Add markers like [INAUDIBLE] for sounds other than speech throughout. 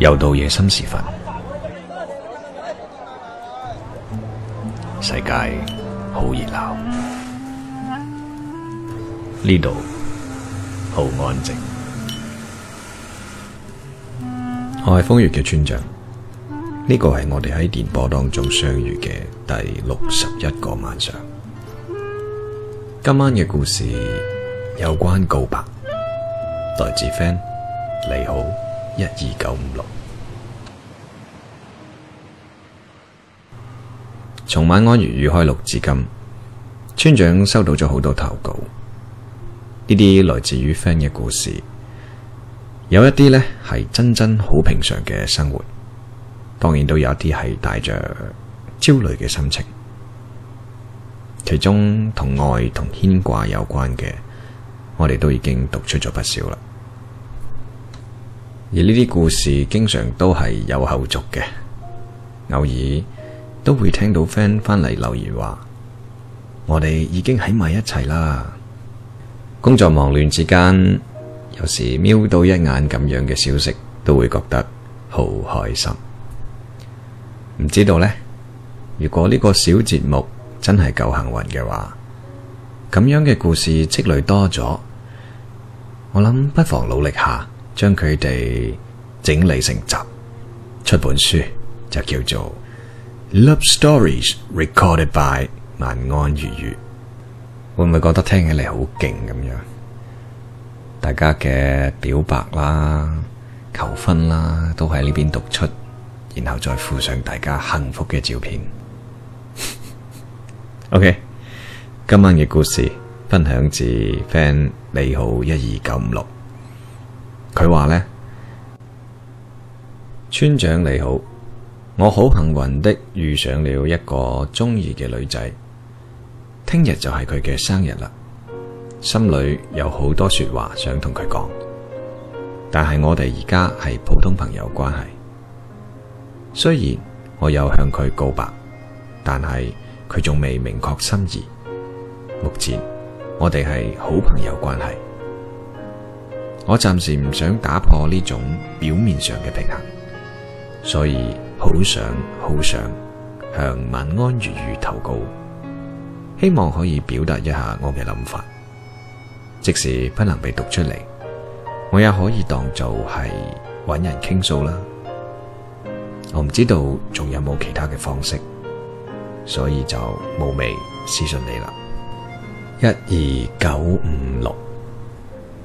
又到夜深時分，世界好熱鬧，呢度好安靜。我係瘋粵嘅村長，呢個係我哋喺電波當中相遇嘅第六十一個晚上。今晚嘅故事有關告白，來自 friend，你好一二九五六，從晚安粵語開錄至今，村長收到咗好多投稿，呢啲來自於 friend 嘅故事，有一啲呢係真真好平常嘅生活，當然都有啲係帶着焦慮嘅心情，其中同愛同牽掛有關嘅，我哋都已經讀出咗不少啦。而呢啲故事經常都係有後續嘅，偶爾都會聽到 friend 翻嚟留言話：我哋已經喺埋一齊啦。工作忙亂之間，有時瞄到一眼咁樣嘅消息，都會覺得好開心。唔知道呢？如果呢個小節目真係夠幸運嘅話，咁樣嘅故事積累多咗，我諗不妨努力下。將佢哋整理成集，出本書就叫做《Love Stories Recorded by 晚安粵語》。會唔會覺得聽起嚟好勁咁樣？大家嘅表白啦、求婚啦，都喺呢邊讀出，然後再附上大家幸福嘅照片。 [LAUGHS] OK，今晚嘅故事分享自 FAN 你好一二九五六。佢話呢：「村長你好，我好幸運的遇上了一個中意嘅女仔，聽日就係佢嘅生日啦。心裏有好多說話想同佢講，但係我哋而家係普通朋友關係。雖然我有向佢告白，但係佢仲未明確心意。目前我哋係好朋友關係。」我暫時唔想打破呢種表面上嘅平衡，所以好想好想向晚安粵語投稿，希望可以表達一下我嘅諗法，即使不能被讀出嚟，我也可以當做係揾人傾訴啦。我唔知道仲有冇其他嘅方式，所以就冒昧私信你啦，一二九五六。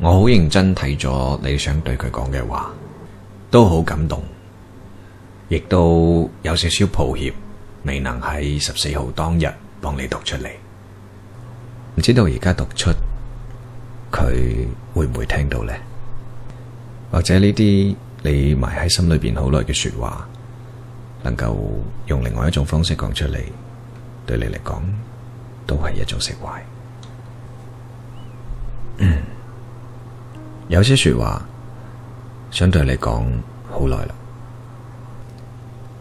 我好認真睇咗你想對佢講嘅話，都好感動，亦都有少少抱歉，未能喺十四號當日幫你讀出嚟。唔知道而家讀出佢會唔會聽到呢？或者呢啲你埋喺心裏邊好耐嘅說話，能夠用另外一種方式講出嚟，對你嚟講都係一種釋懷。嗯。有些說話想對你講好耐啦，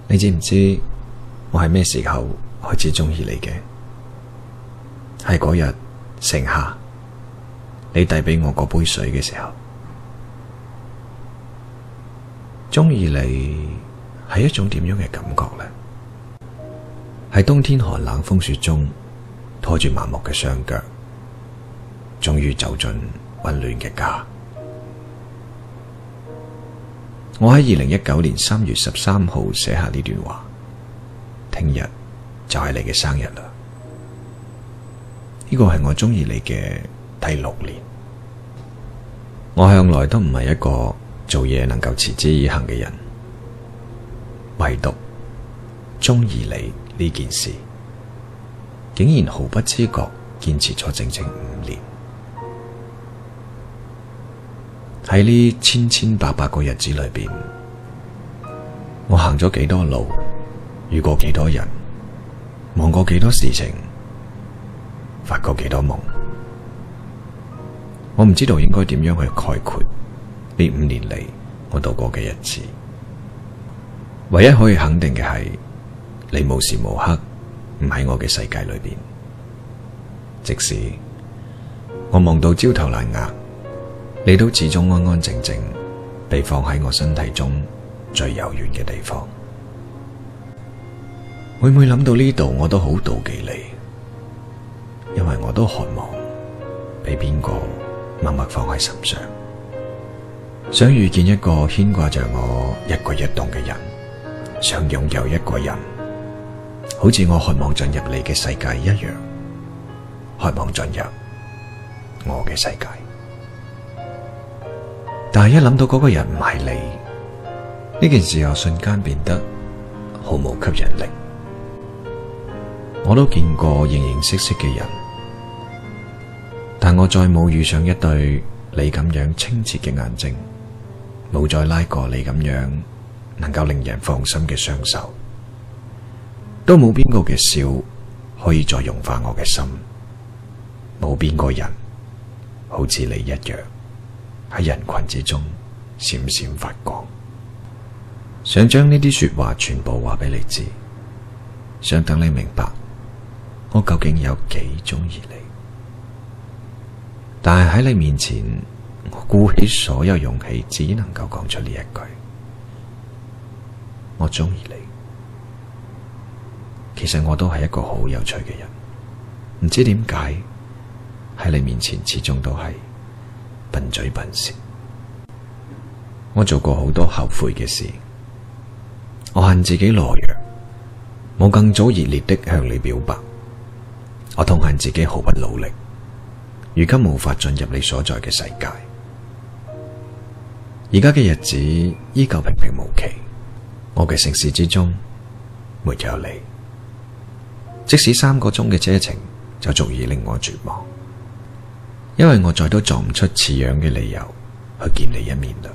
你知唔知我係咩時候開始鍾意你嘅？係嗰日盛夏，你遞俾我嗰杯水嘅時候，鍾意你係一種點樣嘅感覺呢？喺冬天寒冷風雪中拖住麻木嘅雙腳，終於走進溫暖嘅家。我喺二零一九年三月十三號寫下呢段話，聽日就係你嘅生日啦！呢個係我鍾意你嘅第六年，我向來都唔係一個做嘢能夠持之以恆嘅人，唯獨鍾意你呢件事，竟然毫不知覺堅持咗整整五年。喺呢千千百百個日子裏邊，我行咗幾多路，遇過幾多人，忙過幾多事情，發過幾多夢，我唔知道應該點樣去概括呢五年嚟我度過嘅日子。唯一可以肯定嘅係，你無時無刻唔喺我嘅世界裏邊，即使我忙到焦頭爛額。你都始終安安靜靜被放喺我身體中最柔軟嘅地方，會唔會諗到呢度？我都好妒忌你，因為我都渴望被邊個默默放喺心上，想遇見一個牽掛着我一舉一動嘅人，想擁有一個人，好似我渴望進入你嘅世界一樣，渴望進入我嘅世界。但係一諗到嗰個人唔係你，呢件事又瞬間變得毫無吸引力。我都見過形形色色嘅人，但我再冇遇上一對你咁樣清澈嘅眼睛，冇再拉過你咁樣能夠令人放心嘅雙手，都冇邊個嘅笑可以再融化我嘅心，冇邊個人好似你一樣。喺人群之中閃閃發光，想將呢啲說話全部話俾你知，想等你明白我究竟有幾鍾意你。但係喺你面前，我鼓起所有勇氣，只能夠講出呢一句：我鍾意你。其實我都係一個好有趣嘅人，唔知點解，喺你面前始終都係，笨嘴笨舌，我做過好多後悔嘅事，我恨自己懦弱，冇更早熱烈的向你表白，我痛恨自己毫不努力，如今無法進入你所在嘅世界，而家嘅日子依舊平平無奇，我嘅城市之中沒有你，即使三個鐘嘅車程就足以令我絕望。因為我再都做唔出似樣嘅理由去見你一面啦，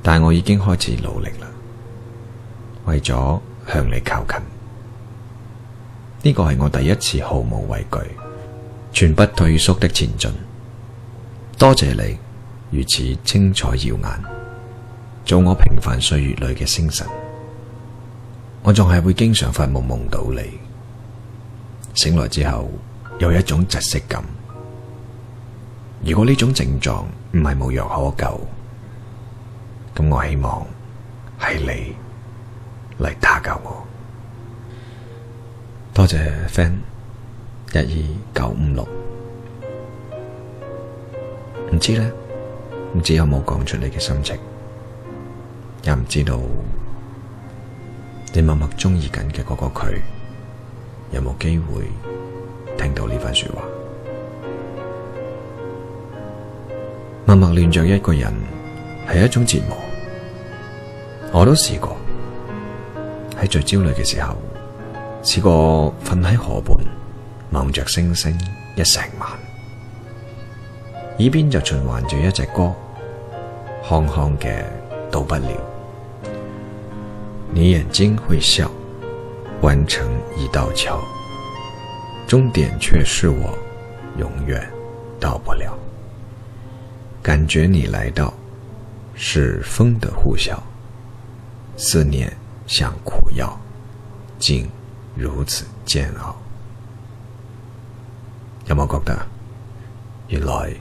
但我已經開始努力啦，為咗向你靠近。呢個係我第一次毫無畏懼、全不退縮的前進。多謝你如此精彩耀眼，做我平凡歲月裏嘅星辰。我仲係會經常發夢夢到你，醒來之後。有一種窒息感。如果呢種症狀唔係無藥可救，咁我希望係你嚟打救我。多謝 friend，一二九五六，唔 [NOISE] 知咧，唔知有冇講出你嘅心情，又唔知道你默默中意緊嘅嗰個佢有冇機會。聽到呢番說話。默默戀着一個人係一種折磨。我都試過喺最焦慮嘅時候，試過瞓喺河畔望着星星一成晚，耳邊就循環住一隻歌，康康嘅到不了，你眼睛會笑，彎成一道橋。終點卻是我永遠到不了。感覺你來到是風的呼嘯，思念像苦藥，竟如此煎熬。有冇覺得原來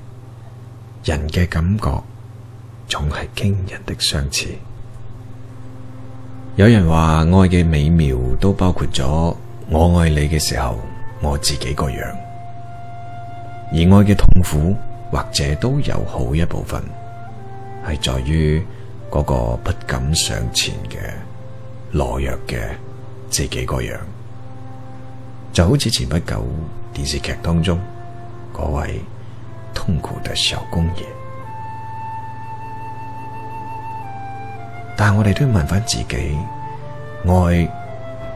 人嘅感覺總係驚人的相似？有人話愛嘅美妙都包括咗我愛你嘅時候，我自己個樣，而愛嘅痛苦或者都有好一部分，係在於嗰個不敢上前嘅懦弱嘅自己個樣，就好似前不久電視劇當中嗰位痛苦嘅小公爺。但係我哋都要問翻自己，愛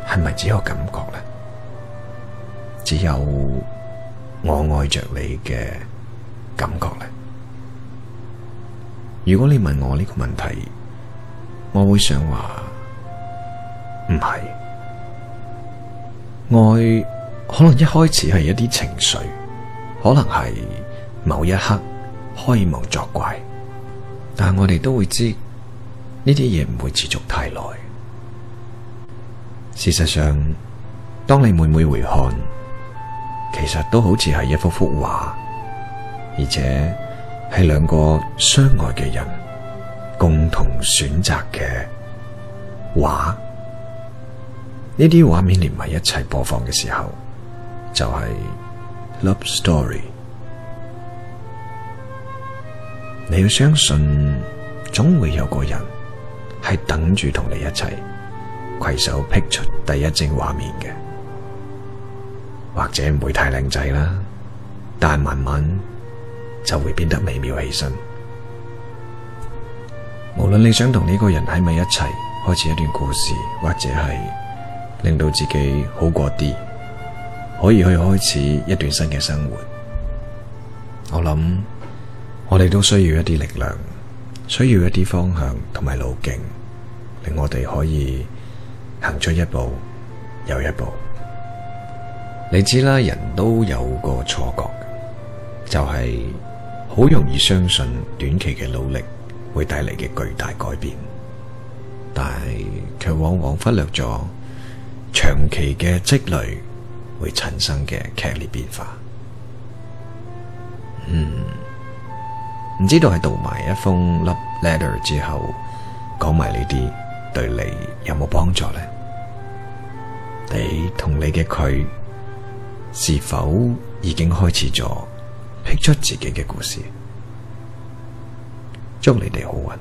係咪只有感覺咧？只有我愛着你嘅感覺咧。如果你問我呢個問題，我會想話唔係，愛，可能一開始係一啲情緒，可能係某一刻荷爾蒙作怪，但係我哋都會知呢啲嘢唔會持續太耐。事實上，當你每每回看。其實都好似係一幅幅畫，而且係兩個相愛嘅人共同選擇嘅畫。呢啲畫面連埋一齊播放嘅時候，就係 Love Story。你要相信，總會有個人係等住同你一齊携手 PICK 出第一幀畫面嘅。或者唔會太靚仔啦，但慢慢就會變得美妙起身。無論你想同呢個人喺咪一齊開始一段故事，或者係令到自己好過啲，可以去開始一段新嘅生活。我諗，我哋都需要一啲力量，需要一啲方向同埋路徑，令我哋可以行出一步又一步。你知啦，人都有個錯覺，就係、是、好容易相信短期嘅努力會帶嚟嘅巨大改變，但係卻往往忽略咗長期嘅積累會產生嘅劇烈變化。嗯，唔知道喺讀埋一封 love letter 之後，講埋呢啲對你有冇幫助咧？你同你嘅佢，是否已經開始咗 PICK 出自己嘅故事？祝你哋好運！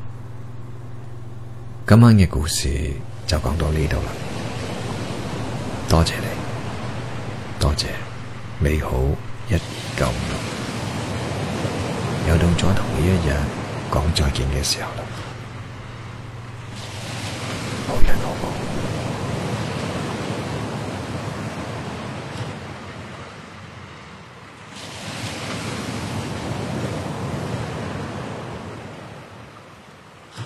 今晚嘅故事就講到呢度啦，多謝你，多謝你好一二九五六，又到咗同一日講再見嘅時候啦。好人好夢！